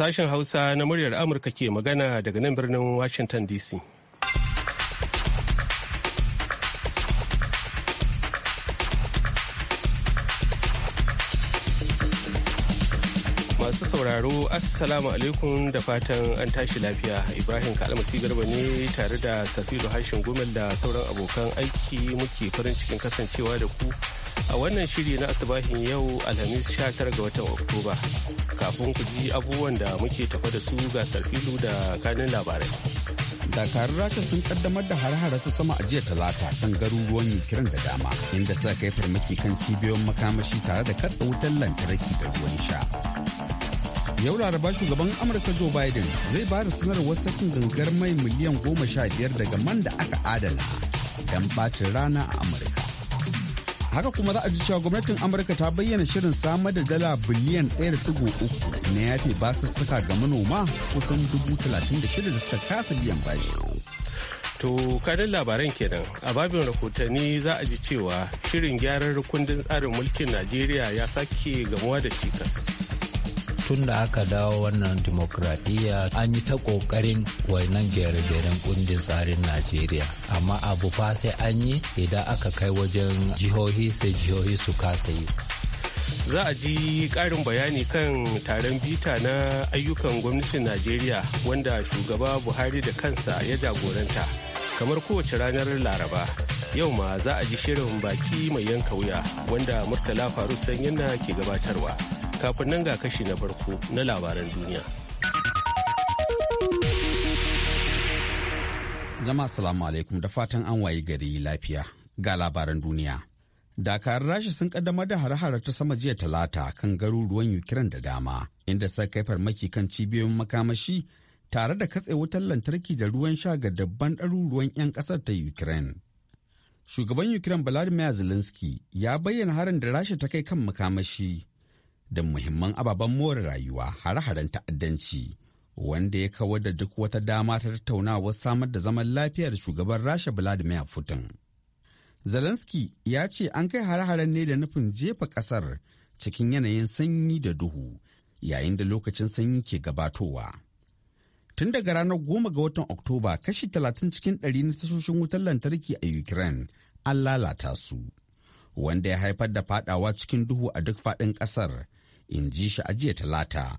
Sashen Hausa na muryar Amurka ke magana daga nan birnin Washington DC. Masu sauraro, Assalamu alaikum da fatan an tashi lafiya. Ibrahim Kalmasi Garba ne tare da Safiru Hashin Gumel da sauran abokan aiki muke farin cikin kasancewa da ku. a wannan shiri na asibahin yau alhamis 19 ga watan oktoba kafin ku ji abubuwan da muke tafa da su ga sarfilu da kanin labarai dakarun rasha sun kaddamar da har ta sama a jiya talata kan garuruwan ukraine da dama inda suka kai farmaki kan cibiyoyin makamashi tare da karsa wutar lantarki da ruwan sha yau laraba shugaban amurka joe biden zai ba da sanarwar sakin gangar mai miliyan goma sha biyar daga man da aka adana don bacin rana a amurka haka kuma za a ji cewa gwamnatin amurka ta bayyana shirin samar da dala biliyan 1.3 na yafe basussuka ga manoma kusan 36,000 da suka kasa biyan bashi to kanin labaran kenan a babin rahotanni za a ji cewa shirin gyaran kundin tsarin mulkin najeriya ya sake gamuwa da cikas tun da aka dawo wannan dimokuraɗiyya an yi ta ƙoƙarin wainan gere-geren kundin tsarin najeriya amma abu fa sai an yi idan aka kai wajen jihohi sai jihohi su kasa yi za a ji ƙarin bayani kan taron bita na ayyukan gwamnatin najeriya wanda shugaba buhari da kansa ya jagoranta kamar kowace ranar laraba yau ma za a ji shirin baki mai yanka wuya wanda murtala faru sanyin na ke gabatarwa Kafin nan ga kashi na farko na labaran duniya. Jama'a salamu alaikum da fatan an waye gari lafiya ga labaran duniya. Dakarun Rasha sun kaddamar da hare-hare ta sama jiya talata kan garuruwan Ukraine da dama, inda suka kai farmaki kan cibiyoyin makamashi tare da katse wutar lantarki da ruwan sha ga dabban ɗaruruwan 'yan ƙasar ta Ukraine. Shugaban Ukraine Vladimir Zelensky ya bayyana harin da Rasha ta kai kan makamashi da muhimman ababen more rayuwa hare-haren ta'addanci wanda ya kawar da duk wata dama ta tattaunawar samar da zaman lafiya da shugaban rasha vladimir putin zelensky ya ce an kai hare-haren ne da nufin jefa kasar cikin yanayin sanyi da duhu yayin da lokacin sanyi ke gabatowa tun daga ranar goma ga watan oktoba kashi 30 cikin ɗari na tashoshin wutar lantarki a ukraine an lalata su wanda ya haifar da fadawa cikin duhu a duk faɗin ƙasar in ji shi a jiya talata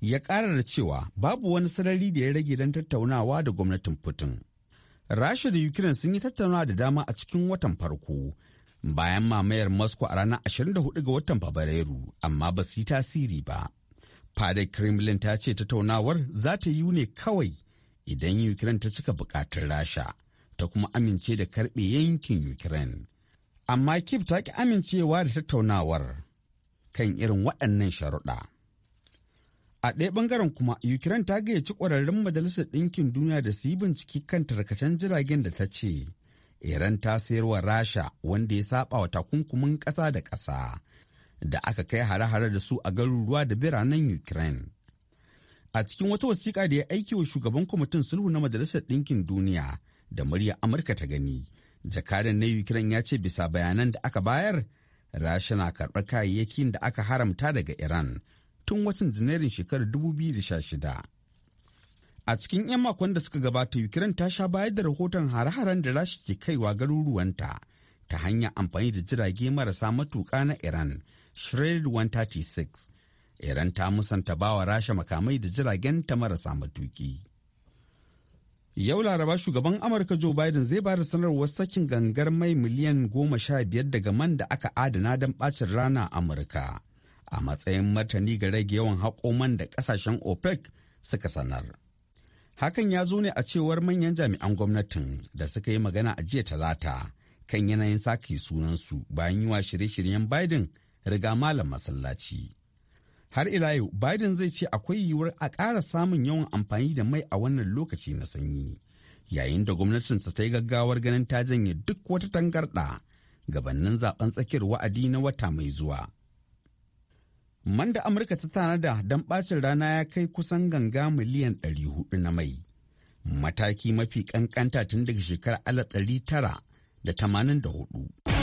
ya ƙara da cewa babu wani sarari da ya rage don tattaunawa da gwamnatin putin rasha da ukraine sun yi tattaunawa da dama a cikin watan farko bayan mamayar moscow a ranar 24 ga watan fabrairu amma ba su yi tasiri ba fadar kremlin ta ce tattaunawar za ta yi ne kawai idan ukraine ta cika buƙatar rasha ta kuma amince da karɓe yankin ukraine amma kip ta ki amincewa da tattaunawar kan irin waɗannan sharuɗa. A ɗaya ɓangaren kuma, Ukraine ta gayyaci ƙwararrun Majalisar Ɗinkin Duniya da su yi bincike kan tarkacen jiragen da ta ce, Iran ta sayarwa Rasha wanda ya saba wa takunkumin ƙasa da ƙasa da aka kai hare-hare da su a garuruwa da biranen Ukraine. A cikin wata wasiƙa da ya aiki wa shugaban kwamitin sulhu na Majalisar Ɗinkin Duniya da murya Amurka ta gani, jakadan na Ukraine ya ce bisa bayanan da aka bayar rasha na karɓar kayayyakin da aka haramta daga iran tun watan janairun shekarar 2016 a cikin 'yan makon da suka gabata ukraine ta sha bayar da rahoton hare-haren da rasha ke kaiwa garuruwanta ta hanyar amfani da jirage marasa matuka na iran shred 136 iran ta musanta bawa rasha makamai da jiragen ta marasa matuki Yau Laraba shugaban Amurka Joe Biden zai ba da sanarwar sakin gangar mai miliyan goma sha biyar daga man da aka adana don ɓacin rana Amurka a matsayin martani ga rage yawan haƙo man da ƙasashen OPEC suka sanar. Hakan ya zo ne a cewar manyan jami'an gwamnatin da suka yi magana a jiya talata kan yanayin sake sunansu bayan yi wa shirye-shiryen Biden riga malam masallaci. har ila yau biden zai ce akwai yiwuwar a ƙara samun yawan amfani da mai a wannan lokaci na sanyi yayin da gwamnatinsa ta yi gaggawar ganin ta janye duk wata tangarɗa gabanin zaben tsakiyar wa'adi na wata mai zuwa man da amurka ta tanada don ɓacin rana ya kai kusan ganga miliyan 400 na mai mataki mafi kankanta tun daga shekarar 1984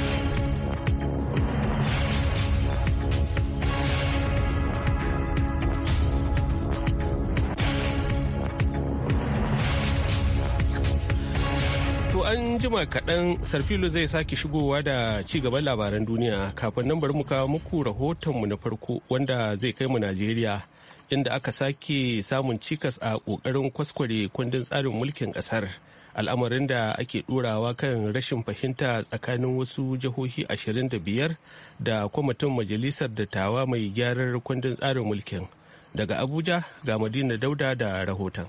an jima kaɗan sarfilo zai sake shigowa da ci gaban labaran duniya kafin nan bari mu kawo muku rahotonmu na farko wanda zai kai mu najeriya inda aka sake samun cikas a ƙoƙarin kwaskware kundin tsarin mulkin ƙasar al'amarin da ake ɗorawa kan rashin fahimta tsakanin wasu jihohi 25 da kwamitin majalisar dattawa mai gyaran kundin tsarin mulkin daga abuja ga madina dauda da rahoton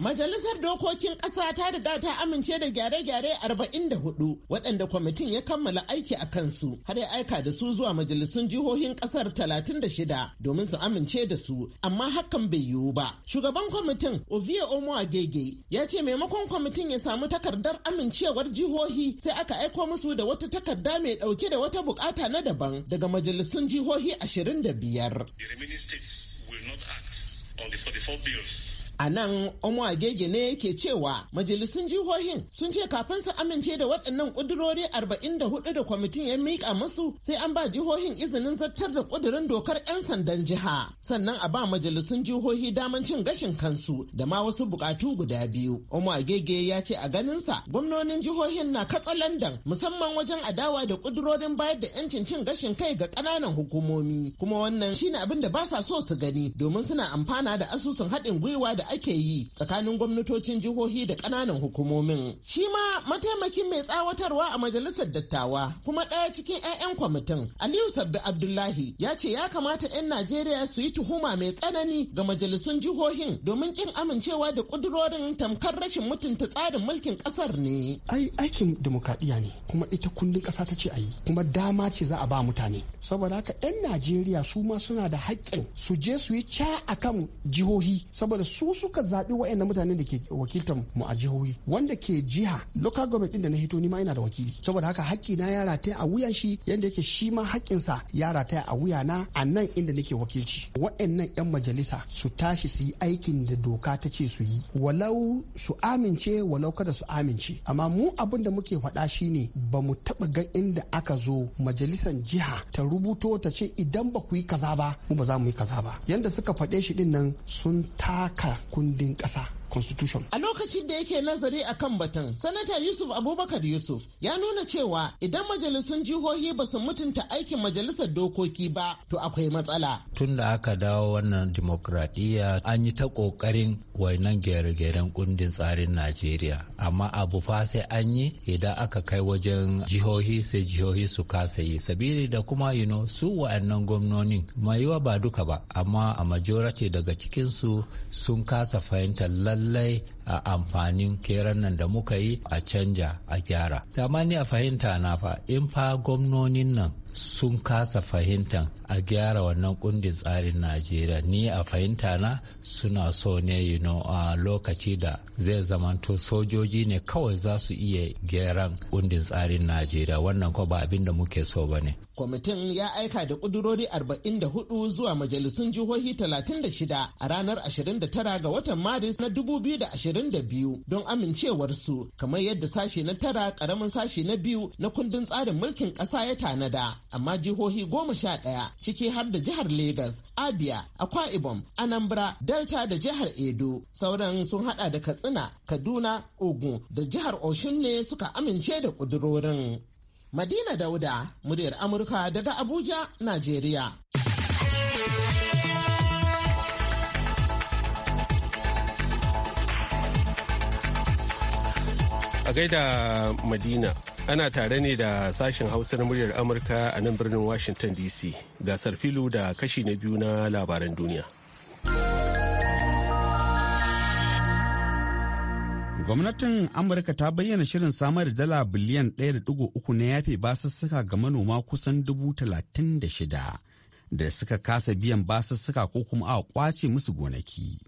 Majalisar Dokokin Ƙasa ta riga ta amince da gyare-gyare 44 waɗanda kwamitin ya kammala aiki a kansu har ya aika da su zuwa majalisun jihohin ƙasar 36 domin su amince da su amma hakan bai yiwu ba. Shugaban kwamitin Ovie Omo Agege ya ce maimakon kwamitin ya samu takardar amincewar jihohi sai aka aiko musu da wata takarda mai ɗauke da wata bukata na daban daga majalisun jihohi 25. A nan Omo Agege ne yake cewa majalisun jihohin sun ce kafin su amince da waɗannan ƙudurori 44 da kwamitin ya miƙa musu sai an ba jihohin izinin zartar da ƙudurin dokar 'yan sandan jiha. Sannan a ba majalisun jihohi daman cin gashin kansu da ma wasu buƙatu guda biyu. Omo Agege ya ce a ganinsa gwamnonin jihohin na katsalandan musamman wajen adawa da ƙudurorin bayar da 'yancin cin gashin kai ga ƙananan hukumomi. Kuma wannan shine abin da ba sa so su gani domin suna amfana da asusun haɗin gwiwa da ake yi tsakanin gwamnatocin jihohi da ƙananan hukumomin. Shi ma mataimakin mai tsawatarwa a majalisar dattawa kuma ɗaya cikin 'ya'yan kwamitin Aliyu Sabbi Abdullahi ya ce ya kamata 'yan Najeriya su yi tuhuma mai tsanani ga majalisun jihohin domin kin amincewa da ƙudurorin tamkar rashin mutunta tsarin mulkin ƙasar ne. Ai aikin ne kuma ita kundin ƙasa ta ce a yi kuma dama ce za a ba mutane. Saboda haka 'yan Najeriya su ma suna da haƙƙin su je su yi ca akan jihohi saboda su su suka zaɓi waɗannan mutanen da ke wakiltar mu a jihohi wanda ke jiha local government din da na hito ni ma ina da wakili saboda haka haƙƙi na ya rataya a wuyan shi yanda yake shi ma sa ya rataya a wuya na a nan inda nake wakilci Waɗannan yan majalisa su tashi su yi aikin da doka ta ce su yi walau su amince walau kada su amince amma mu abin da muke faɗa shine ba mu taɓa ga inda aka zo majalisan jiha ta rubuto ta ce idan ba ku yi kaza ba mu ba za mu yi kaza ba yanda suka faɗe shi din nan sun taka kundin ƙasa constitution a lokacin da yake nazari a kan batun sanata yusuf abubakar yusuf ya nuna cewa idan majalisun jihohi ba su mutunta aikin majalisar dokoki ba to akwai matsala tun da aka dawo wannan dimokuraɗiyya an yi ta ƙoƙarin wainan gyare-gyaren kundin tsarin najeriya amma abu fa sai an yi idan aka kai wajen jihohi sai jihohi su kasa yi sabili da kuma yi no su wa'annan gwamnonin mai yiwa ba duka ba amma a majority daga cikinsu sun kasa fahimtar lallai Lay. a amfanin keran nan da muka yi a canja a gyara amma ni a fahimta na fa in fa gwamnonin nan sun kasa fahimtan a gyara wannan kundin tsarin najeriya ni a fahimta na suna so ne you know, a lokaci da zai zamanto sojoji ne kawai za su iya gyaran kundin tsarin najeriya wannan ko ba abin da muke so ba ne kwamitin ya aika da kudurori 44 zuwa majalisun jihohi 36 a ranar 29 ga watan maris na 2020 22 don amincewarsu kamar yadda sashe na tara karamin sashe na biyu na kundin tsarin mulkin ƙasa ya tanada amma jihohi goma sha ɗaya ciki har da jihar Legas, Abia, Akwa Ibom, Anambra, Delta da jihar Edo. Sauran sun hada da Katsina, Kaduna, Ogun da jihar Oshun ne suka amince da ƙudurorin. Madina Dauda, muryar Amurka daga Abuja, Najeriya. a gaida madina ana tare ne da sashen hausa na muryar amurka a nan birnin washington dc gasar filu da kashi na biyu na labaran duniya gwamnatin amurka ta bayyana shirin samar da dala biliyan 1.3 na yafe basussuka ga manoma kusan 36 da suka kasa biyan basussuka ko kuma a kwace musu gonaki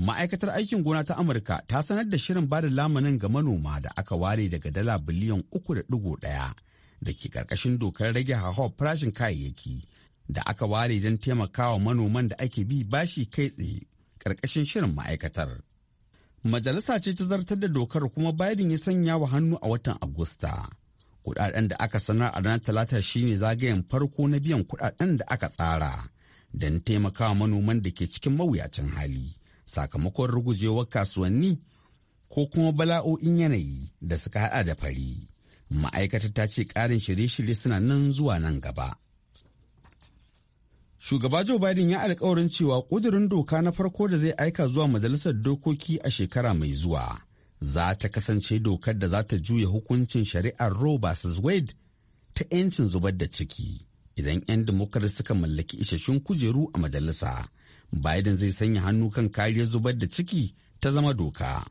ma'aikatar aikin gona ta amurka ta sanar da shirin bada lamunin ga manoma da aka ware daga dala biliyan uku da ɗaya da ke karkashin dokar rage hauhawar farashin kayayyaki da aka ware don taimakawa manoman da ake bi bashi kai tsaye karkashin shirin ma'aikatar majalisa ce ta zartar da dokar kuma biden ya sanya wa hannu a watan agusta kudaden da aka sanar a ranar talata shine zagayen farko na biyan kudaden da aka tsara don taimakawa manoman da ke cikin mawuyacin hali sakamakon rugujewar kasuwanni ko kuma bala'o'in yanayi da suka haɗa da fari. Ma'aikatar ta ce ƙarin shirye-shirye suna nan zuwa nan gaba. Shugaba Joe Biden ya alkawarin cewa ƙudurin doka na farko da zai aika zuwa majalisar dokoki a shekara mai zuwa za ta kasance dokar da za ta juya hukuncin shari'ar Roe vs. Wade ta 'yancin zubar da ciki idan 'yan Democrat suka mallaki isasshen kujeru a majalisa Biden zai sanya hannu kan kariyar zubar da ciki ta zama doka.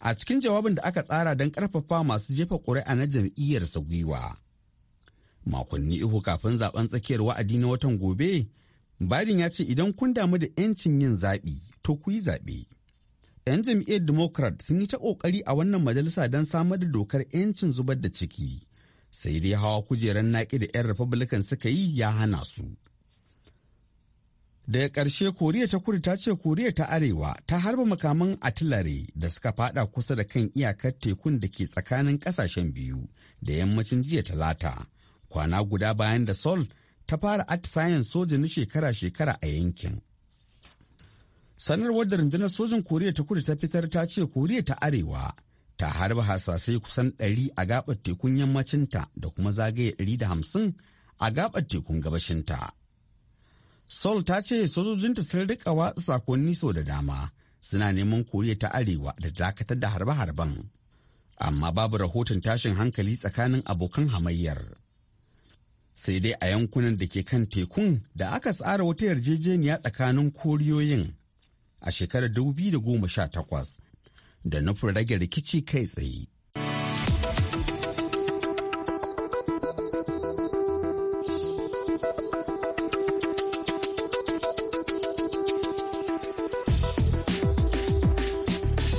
A cikin jawabin da aka tsara don karfafa masu jefa ƙuri'a na sa gwiwa. Makonni uku kafin zaben tsakiyar wa'adi na watan gobe, Biden ya ce idan kun damu da 'yancin yin zaɓi, to ku yi zaɓe. 'Yan jam'iyyar Democrat sun yi ta ƙoƙari a wannan majalisa don samar da dokar 'yancin zubar da ciki. Sai dai hawa kujerar naƙi da 'yan Republican suka yi ya hana su. daga ƙarshe koriya ta kudu ta ce koriya ta arewa ta harba makaman atilare da suka fada kusa da kan iyakar tekun da ke tsakanin ƙasashen biyu da yammacin jiya talata kwana guda bayan da sol ta fara atisayen soja na shekara-shekara a yankin sanarwar da rundunar sojin koriya ta kudu ta fitar ta ce koriya ta arewa ta harba hasasai kusan 100 a gabar tekun yammacinta da kuma zagaye 150 a gabar tekun gabashinta. Seoul ta ce sojojinta sun rika watsa sakonni sau da dama suna neman koriya ta arewa da dakatar da harbe-harben. Amma babu rahoton tashin hankali tsakanin abokan hamayyar. Sai dai a yankunan da ke kan tekun da aka tsara wata yarjejeniya tsakanin koriyoyin a shekarar 2018 da nufin rage rikici kai tsaye.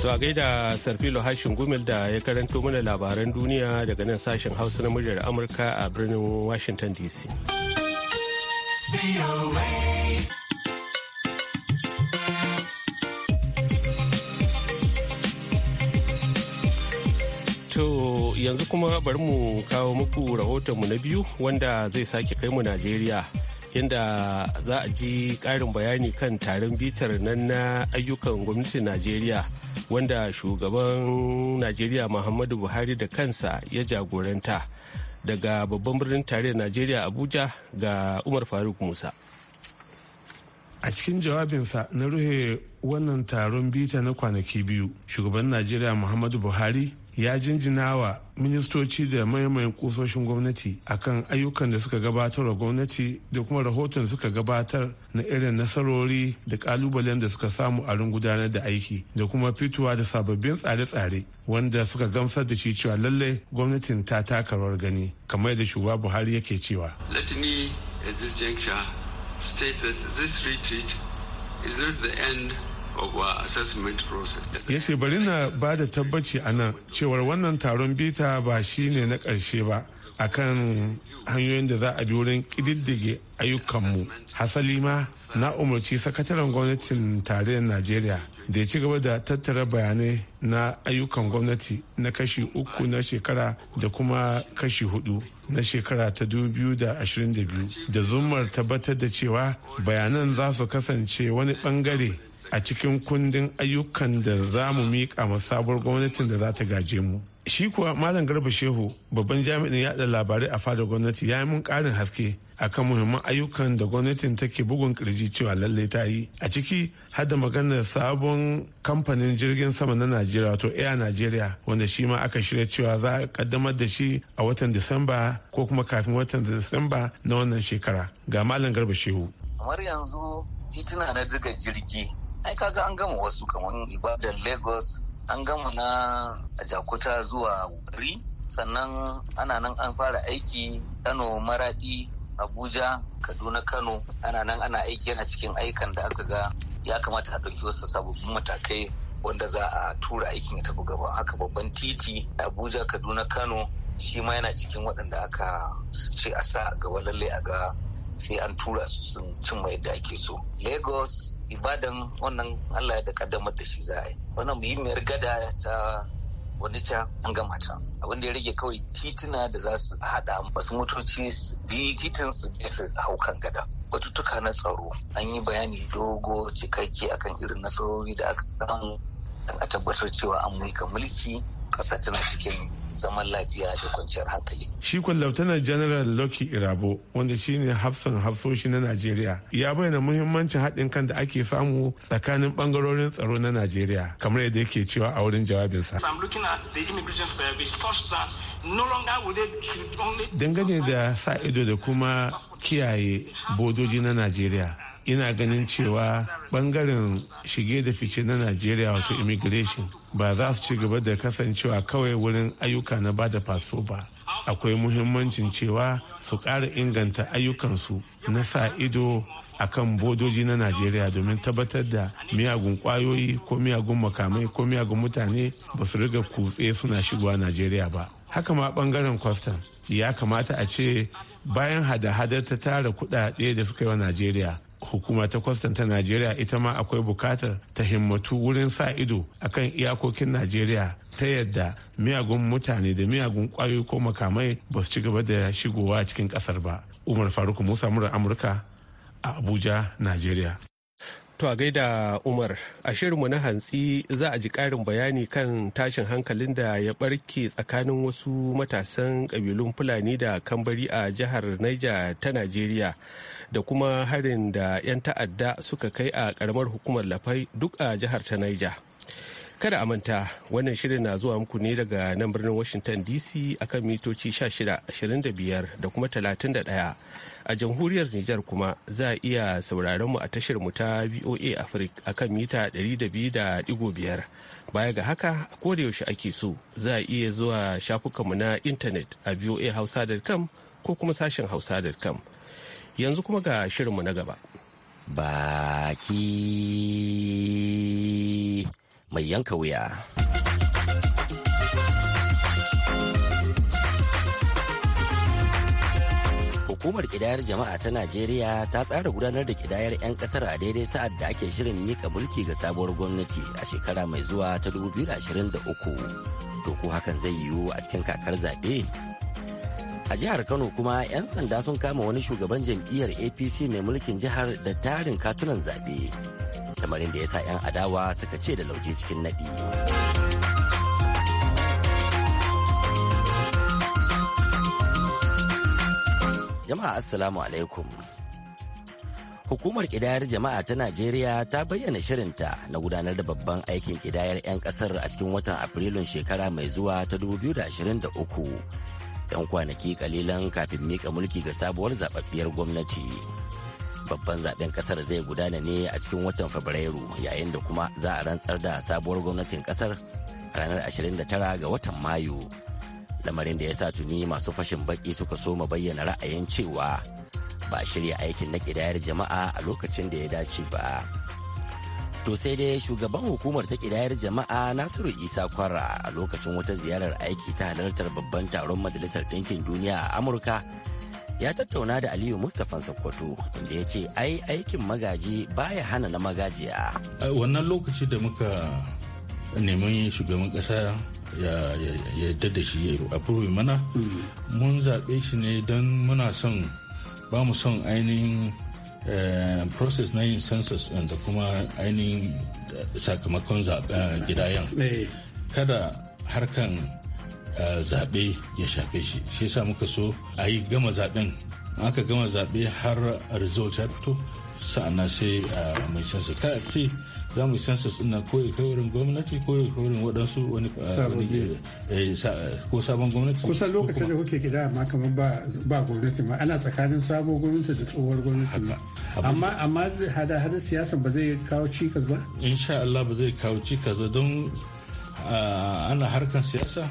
To a gaida Sarfilo Hashin Gumel da ya karanto mana labaran duniya daga nan sashen Hausa na muryar Amurka a birnin Washington DC. yanzu kuma bari mu kawo muku rahotonmu na biyu wanda zai sake kai mu Najeriya. yadda za a ji ƙarin bayani kan taron bitar nan na ayyukan gwamnatin Najeriya. wanda shugaban najeriya muhammadu buhari da kansa ya jagoranta daga babban birnin tarayyar najeriya abuja ga umar faruk musa a cikin jawabinsa na ruhe wannan taron bita na kwanaki biyu shugaban najeriya muhammadu buhari ya jinjina wa ministoci da maimayin kusoshin gwamnati akan ayyukan da suka gabatar wa gwamnati da kuma rahoton suka gabatar na irin nasarori da kalubalen da suka samu a gudanar da aiki da kuma fitowa da sababbin tsare-tsare wanda suka gamsar da shi cewa lallai gwamnatin ta taka rawar gani kamar da shugaba buhari yake cewa let me at juncture state that this retreat is not the end Ya ce bari na ba da tabbaci a nan cewar wannan taron bita ba shi ne na ƙarshe ba akan hanyoyin da za a bi wurin ƙididdige ayyukanmu. Hasali ma na umarci sakataren gwamnatin tarayyar Najeriya da ya ci gaba da tattara bayanai na ayyukan gwamnati na kashi uku na shekara da kuma kashi hudu na shekara ta 2022 da zumar tabbatar da cewa bayanan za su kasance wani bangare a cikin kundin ayyukan da za mu miƙa ma sabuwar gwamnatin da za ta gaje mu shi kuwa malam garba shehu babban jami'in yada labarai a fadar gwamnati ya yi mun ƙarin haske akan muhimman ayyukan da gwamnatin take bugun kirji cewa lalle ta yi a ciki har da maganar sabon kamfanin jirgin sama na najeriya wato air nigeria wanda shi ma aka shirya cewa za a kaddamar da shi a watan disamba ko kuma kafin watan disamba na wannan shekara ga malam garba shehu kamar yanzu tituna na daga jirgi ai kaga an gama wasu kamar ibadan lagos an gama na jakuta zuwa wari sannan ana nan an fara aiki kano maradi abuja kaduna kano ana nan ana aiki yana cikin aikan da aka ga ya kamata a ɗauki wasu sababbin matakai wanda za a tura aikin ya tafi gaba haka babban titi abuja kaduna kano shi ma yana cikin waɗanda aka ce a sa gaba lallai a ga sai an tura su sun cimma yadda ake so lagos ibadan wannan allah da kaddamar da shi za a yi wannan muhimmiyar gada ta wani an gama can abin da ya rage kawai tituna da za su haɗa wasu motoci bi titin su je su hau kan gada batutuka na tsaro an yi bayani dogo cikakke akan irin nasarori da aka samu a tabbatar cewa an mulka mulki ƙasa tana cikin zaman lafiya da kwanciyar hankali. Shi kun lautanar General Lucky Irabo wanda shine hafsan hafsoshi na Najeriya ya bayyana muhimmancin haɗin kan da ake samu tsakanin ɓangarorin tsaro na Najeriya kamar yadda yake cewa a wurin jawabinsa. Dangane da sa ido da kuma kiyaye bodoji na Najeriya ina ganin cewa bangaren shige da fice na najeriya wato immigration ba za su ci gaba da kasancewa kawai wurin ayyuka na bada fasfo ba akwai muhimmancin cewa su ƙara inganta ayyukansu na sa ido a kan bodoji na najeriya domin tabbatar da miyagun kwayoyi ko miyagun makamai ko miyagun mutane ba su riga kutse suna shigowa najeriya ba haka ma bangaren kwastam ya kamata a ce bayan hada-hadar ta tara kudade da suka yi wa najeriya hukuma ta kwastan ta najeriya ita ma akwai bukatar ta himmatu wurin sa ido akan iyakokin najeriya ta yadda miyagun mutane da miyagun kwayoyi ko makamai ba su ci gaba da shigowa cikin kasar ba umar faruk musa murar amurka a abuja najeriya To a gaida Umar, a shirinmu na hantsi za a ji ƙarin bayani kan tashin hankalin da ya ɓarke tsakanin wasu matasan ƙabilun Fulani da Kambari a jihar Niger ta Najeriya da kuma harin da 'yan ta'adda suka kai a ƙaramar hukumar Lafai duk a jihar ta Niger. Kada a manta wannan shirin na zuwa muku ne daga nan birnin Washington DC akan mitoci 1625 da kuma 31. A jamhuriyar Nijar kuma za a iya sauraron mu a tashar mu ta VOA Africa akan mita 200.5. Baya ga haka a yaushe ake so za a iya zuwa shafukanmu na intanet a voahausa.com ko kuma sashen hausa.com. Yanzu kuma ga shirinmu na gaba. Baki. mai yanka wuya. Hukumar kidayar jama'a ta Najeriya ta tsara gudanar da kidayar 'yan kasar a daidai sa'ad da ake shirin mika mulki ga sabuwar gwamnati a shekara mai zuwa ta 2023. To ko hakan zai yiwu a cikin kakar zaɓe? A jihar Kano kuma 'yan sanda sun kama wani shugaban jam'iyyar APC mai mulkin jihar da tarin katunan zaɓe. lamarin da ya sa 'yan adawa suka ce da lauje cikin naɗi. Jama'a Assalamu alaikum. Hukumar ƙidayar jama'a ta Najeriya ta bayyana shirinta na gudanar da babban aikin ƙidayar 'yan ƙasar a cikin watan Afrilun shekara mai zuwa ta 2023. 'Yan kwanaki kalilan kafin miƙa mulki ga sabuwar zababbiyar gwamnati. babban zaben kasar zai gudana ne a cikin watan fabrairu yayin da kuma za a rantsar da sabuwar gwamnatin kasar a ranar 29 ga watan mayu lamarin da ya sa tuni masu fashin baki suka soma bayyana ra'ayin cewa ba shirya aikin na kidayar jama'a a lokacin da ya dace ba to sai dai shugaban hukumar ta kidayar jama'a nasiru isa kwara a lokacin wata ziyarar aiki ta halartar babban taron majalisar ɗinkin duniya a amurka ya tattauna da aliyu mustapha sokoto inda ya ce ai aikin magaji baya hana na magajiya wannan lokaci da muka neman shugaban kasa ya yadda da shi ya mana mm. mun zaɓe shi ne don muna son ba mu son ainihin eh, process na yin census da kuma ainihin eh, sakamakon eh, gidayen kada harkan zaɓe ya shafe shi shi yasa muka so a yi gama zaɓen aka gama zaɓe har result ya fito sa'ana sai a mai sansa kada ce za mu sansa suna ko ya kai wurin gwamnati ko ya kai wurin waɗansu wani eh, eh, ko sabon gwamnati kusan lokacin da kuke gida amma kamar ba gwamnati ma ana tsakanin sabon gwamnati da tsohuwar gwamnati amma amma hada hada siyasan ba zai kawo cikas ba insha Allah ba zai kawo cikas ba don ana harkar siyasa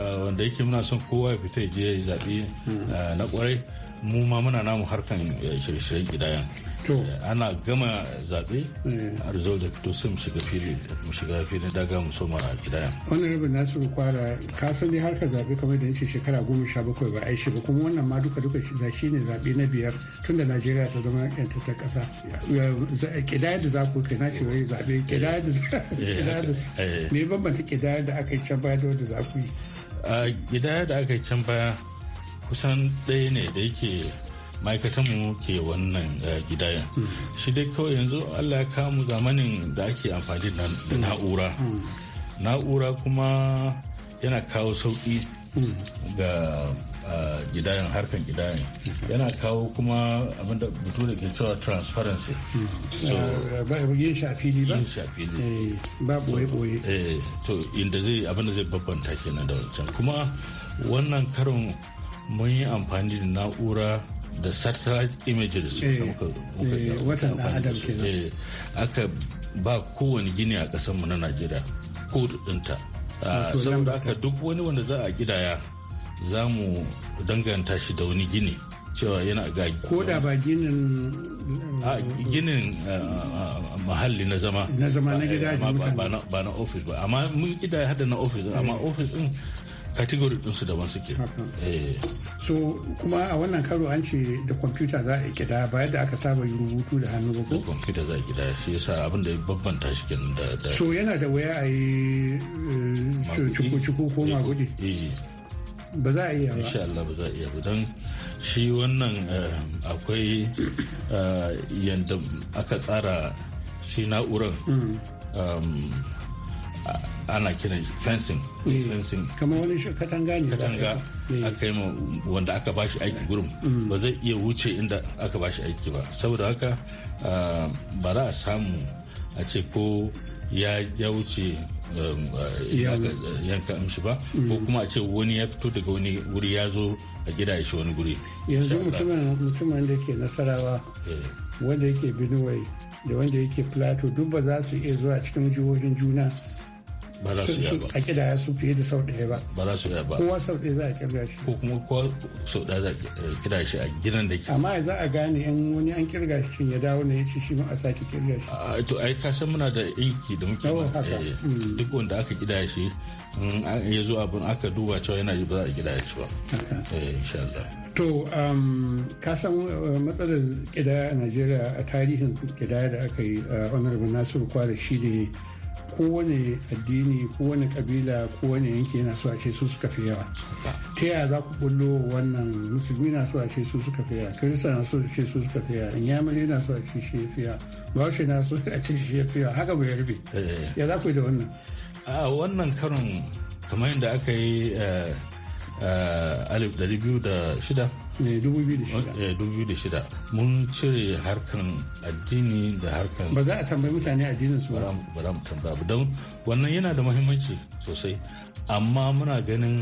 wanda yake muna son kowa ya fita ya je ya zaɓi mm. eh, na ƙwarai mu ma muna namu harkan eh, shirye-shiryen kidayan eh, ana gama zaɓe mm. a rizal da fito sai mu shiga fili mu shiga fili daga mu soma a kidayan wannan rabin nasiru kwara ka sani harkar zaɓe kamar da nace shekara goma sha bakwai ba aishi ba kuma wannan ma duka duka da shi ne zaɓe na biyar tun da najeriya ta zama yanta ta ƙasa kidaya da za ku kai na ce wai zaɓe ƙidaya da me bambanta kidaya da aka yi can baya da wanda za ku yi a gida da aka can baya kusan ɗaya ne da yake ma'aikatanmu ke wannan gidaya hmm. shi dai kawai yanzu allah ya kamu zamanin da ake amfani da na'ura hmm. na'ura kuma yana kawo sauƙi hmm. ga gidayen harkan gidayen yana kawo kuma abinda da ke cewa transparency so yin shafili ba yin shafili ba eh, boye boye eh, to inda zai abinda zai babbanta kenan da wancan kuma wannan karin mun yi amfani da na'ura da satellite images eh, watan adam aka ba kowane gini a mu na najeriya ko dinta ah, saboda haka duk wani wanda za a gidaya za mu danganta shi da wani gini cewa yana ga ko da ba ginin a ginin mahalli na zama na zama na gida ba na ofis ba amma mun gida hada na ofis amma ofis din kategori din su daban suke eh. so kuma a wannan karo an ce da kwamfuta za a kida ba yadda aka saba yi rubutu da hannu ba ko da kwamfuta za a kida shi yasa abin da ya babbanta shi kenan da so yana da waya a yi eh, cuku-cuku ko eh, magudi ba za a iya ba insha Allah ba za a iya ba don shi wannan eh, akwai eh, yadda aka tsara shi na'urar hmm. um, ana kiran fencing eh, fencing kamar wani katanga ne katanga aka yi wanda aka bashi aiki gurin hmm. ba zai iya wuce inda aka bashi aiki ba saboda haka ba za a samu a ce ko ya wuce um, uh, uh, yanka amshi ba mm. ko kuma a ce wani ya fito daga wani wuri ya zo a gida shi wani guri yanzu mutumin da ke nasarawa eh. wanda yake binuwai da wanda yake plateau duk ba za su iya zuwa cikin jihohin juna ba za su iya ba a kidaya su fiye da sau ɗaya ba ba za su iya ba kowa sau ɗaya za a kirga shi ko kuma kowa sau ɗaya za a kira shi a gidan da ke amma za a gane in wani an kirga shi ya dawo ne ya ci shi ma a sake kirga shi ah, to ai kasan muna da inki da muke eh, hmm. duk wanda aka kidaya shi ya zo abin aka duba cewa yana yi ba za a gida shi ba. Eh, insha Allah. To, um, kasan uh, matsalar kidaya a Najeriya a tarihin kidaya da aka yi uh, honorable Nasiru Kwara shi ne kowane addini kowane kabila kowane yanki yana so ake su suka fi yawa ta yaya za ku bullo wannan musulmi na so ake su suka fi yawa kirista na so ake su suka fi yawa inyamuri na so ake shi ya fi yawa bahaushe na so ake shi ya fi yawa haka bai rabe eh. ya za ku yi da wannan a wannan karon kamar yadda aka yi eh, eh, alif dari biyu da shida 2006 eh, eh, mun cire harkan addini da harkan ba za a tambayi mutane addinin su ba za mu tambaya ba don wannan yana da mahimmanci sosai amma muna ganin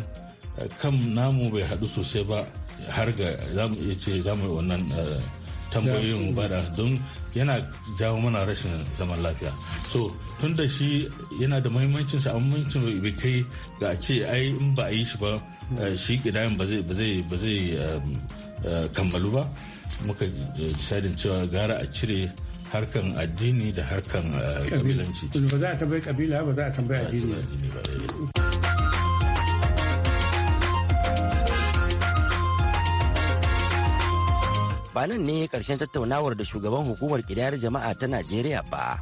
eh, kan namu bai haɗu sosai ba har ga za mu iya ce za mu yi wannan tambayoyin bada don yana jawo mana rashin zaman lafiya so tun da shi yana da muhimmancinsa amma muhimmancin bai kai ga a ce ai in ba a yi shi ba hmm. eh, shi kidayen ba zai um, eh, kammalu ba muka sadin eh, cewa gara a cire harkan addini da harkan kabilanci ba za a tambayi kabila ba za a tambayi addini ba ba nan ne karshen tattaunawar da shugaban hukumar kidayar jama'a ta najeriya ba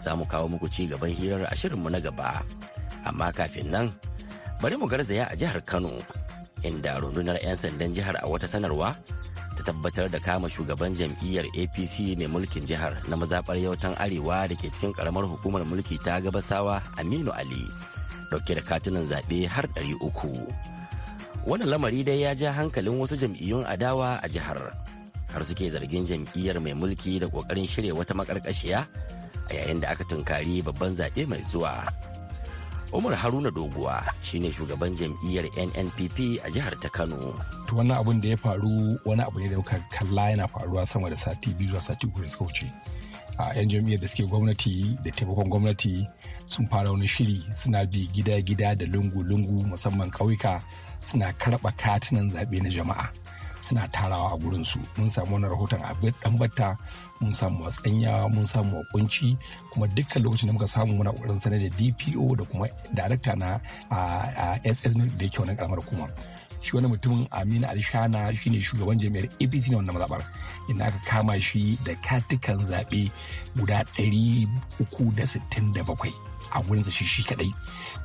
za mu kawo muku ci gaban hirar a shirinmu na gaba amma kafin nan bari mu garzaya a jihar kano inda rundunar 'yan sandan jihar a wata sanarwa ta tabbatar da kama shugaban jam'iyyar apc mai mulkin jihar na mazaɓar yautan arewa da ke cikin karamar hukumar mulki ta gabasawa aminu ali dauke da katunan zaɓe har ɗari uku. wannan lamari dai ya ja hankalin wasu jam'iyyun adawa a jihar har suke zargin jam'iyyar mai mulki da kokarin shirya wata makarkashiya a yayin da aka tunkari babban zaɓe mai zuwa umar haruna doguwa shine shugaban jam'iyyar nnpp a jihar ta kano to wannan abun da ya faru wani abu ne da muka kalla yana faruwa sama da sati biyu zuwa sati uku da suka wuce a yan jam'iyyar da suke gwamnati da taimakon gwamnati sun fara wani shiri suna bi gida-gida da lungu-lungu musamman ƙauyuka suna karɓa katunan zaɓe na jama'a suna tarawa a gurinsu mun samu wani rahoton a dan batta mun samu a mun samu a kunci kuma dukkan lokacin da muka samu muna ƙoƙarin sanar da DPO da kuma darakta na SS da yake wannan karamar kuma. shi wani mutumin Aminu Alshana shine shugaban jami'ar APC na wannan mazabar ina aka kama shi da katikan zaɓe guda 367 a gurinsa shi shi kadai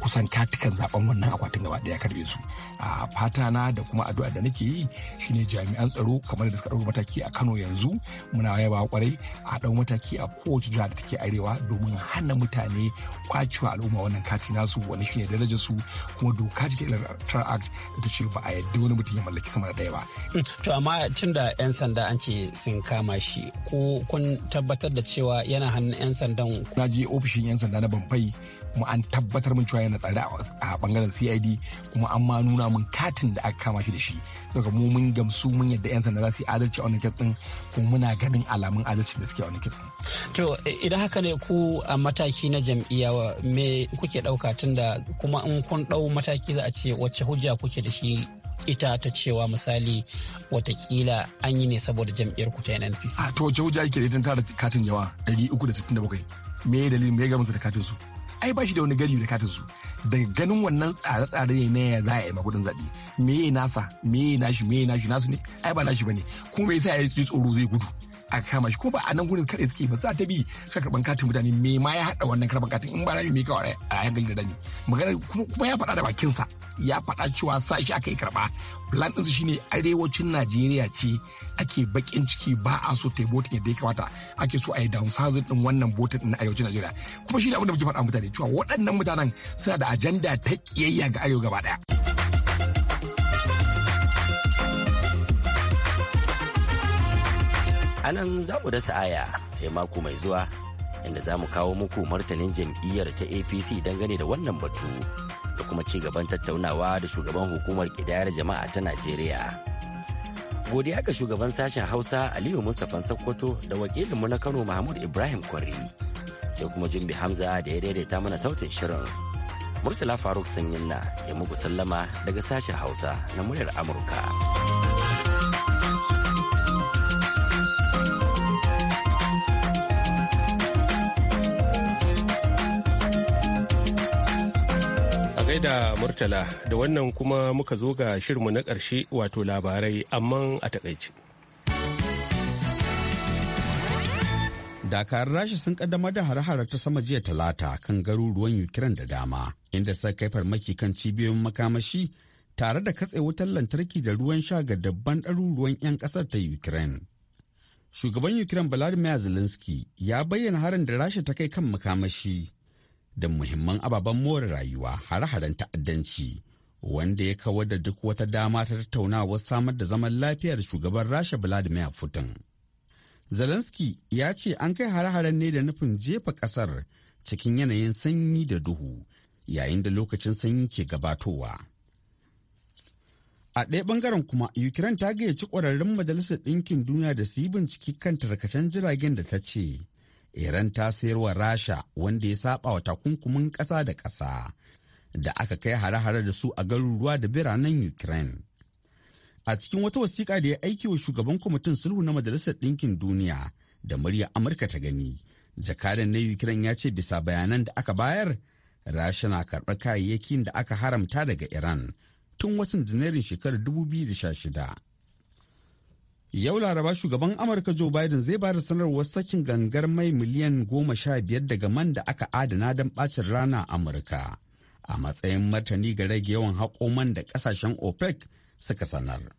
kusan katikan zaben wannan akwatin gaba daya karbe su a fata na da kuma addu'a da nake yi shine jami'an tsaro kamar da suka dauki mataki a Kano yanzu muna yaba kwarai a ɗau mataki a kowace jiha da take arewa domin hana mutane kwacewa al'umma wannan kati nasu wani shine daraja su kuma doka ce ta electoral act da ta ce ba a yadda wani mutum ya mallaki sama da daya ba. Hmm, to amma tunda 'yan sanda an ce sun kama shi ko kun tabbatar da cewa yana hannun 'yan sandan. na je ofishin 'yan sanda na bamfai kuma an tabbatar min cewa yana tsare a bangaren cid kuma an ma nuna min katin da aka kama shi da shi daga mu mun gamsu mun yadda yan sanda za su yi adalci a wannan kes din kuma muna ganin alamun adalci da suke a wannan kes din to idan haka ne ku a mataki na jam'iyya me kuke dauka da kuma in kun dau mataki za a ce wacce hujja kuke da shi ita ta cewa misali watakila an yi ne saboda jam'iyyar ku ta NNP. A to jauja yake da ita tara katin yawa 367 me dalilin me ga musu da katin su. ai ba shi da wani gari da kata su daga ganin wannan tsare-tsare ne na ya za a yi makudin zaɓe me ya nasa me ya nashi me ya nashi nasu ne ai ba nashi ba ne kuma me yasa ya yi tsoro zai gudu A kama shi ko ba a nan gurin kare suke ba za ta bi katin mutane me ma ya haɗa wannan karban katin in ba rami mai kawai a gani da dani magana kuma ya faɗa da bakinsa ya faɗa cewa sa shi aka yi karɓa plan ɗinsu shine arewacin najeriya ce ake bakin ciki ba a so ta yi botin yadda ya kamata ake so a yi downsizing ɗin wannan botin na arewacin najeriya kuma shi ne abin da muke faɗa mutane cewa waɗannan mutanen suna da ajanda ta ƙiyayya ga arewa gaba ɗaya. Anan za mu dasa aya sai mako mai zuwa inda za mu kawo muku martanin jam'iyyar ta APC dangane da wannan batu da kuma ci gaban tattaunawa da shugaban hukumar kidayar jama'a ta Najeriya. Godiya ga shugaban sashen Hausa Aliyu Mustapha Sokoto da wakilinmu na Kano Mahmud Ibrahim Kwari. Sai kuma Jumbi Hamza da ya daidaita mana sautin shirin. Murtala Faruk Sanyin na ya muku sallama daga sashen Hausa na muryar Amurka. gaida Murtala da wannan kuma muka zo ga shirinmu na ƙarshe wato labarai amma a takaici Dakar Rasha sun kaddamar da har-harar ta sama jiya talata kan garuruwan Ukraine da dama inda suka kai farmaki kan cibiyoyin makamashi tare da katse wutar lantarki da ruwan sha ga dabban ɗaruruwan 'yan ƙasar ta Ukraine. Shugaban Ukraine Vladimir Zelensky ya bayyana harin da Rasha ta kai kan makamashi da muhimman ababen more rayuwa hare-haren ta'addanci wanda ya kawar da duk wata dama ta tattaunawar samar da zaman lafiyar shugaban rasha vladimir putin zelensky ya ce an kai hare-haren ne da nufin jefa kasar cikin yanayin sanyi da duhu yayin da lokacin sanyi ke gabatowa a ɗaya ɓangaren kuma ukraine ta gayyaci ƙwararrun majalisar ɗinkin duniya da su yi bincike kan tarkacen jiragen da ta ce iran ta wa rasha wanda ya saba wa takunkumin ƙasa da ƙasa da aka kai hare-hare da su a garuruwa da biranen ukraine a cikin wata wasiƙa da ya aiki wa shugaban kwamitin sulhu na majalisar ɗinkin duniya da murya amurka ta gani jakadan na ukraine ya ce bisa bayanan da aka bayar rasha na karɓar kayayyakin da aka haramta daga iran tun watan janairun shekarar 2016 Yau Laraba shugaban Amurka Joe Biden zai bada sanarwar sakin gangar mai miliyan goma sha biyar daga man da aka adana don ɓacin rana Amurka a matsayin martani ga rage yawan haƙo man da ƙasashen OPEC suka sanar.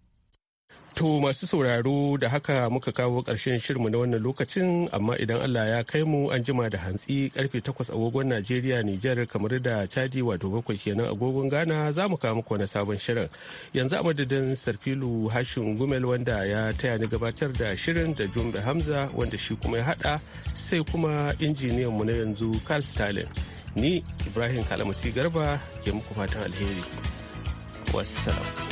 To masu sauraro da haka muka kawo ƙarshen shirmu na wannan lokacin amma idan Allah ya kai mu an jima da hantsi karfe takwas agogon Najeriya Nijar kamar da Chadi wato bakwai kenan agogon Ghana za mu kawo muku wani sabon shirin. Yanzu a madadin Sarfilu Hashin Gumel wanda ya taya ni gabatar da shirin da Jumbe Hamza wanda shi kuma ya haɗa. sai kuma injiniyan mu na yanzu Carl Stalin. Ni Ibrahim Kalamasi Garba ke muku fatan alheri. Wassalam.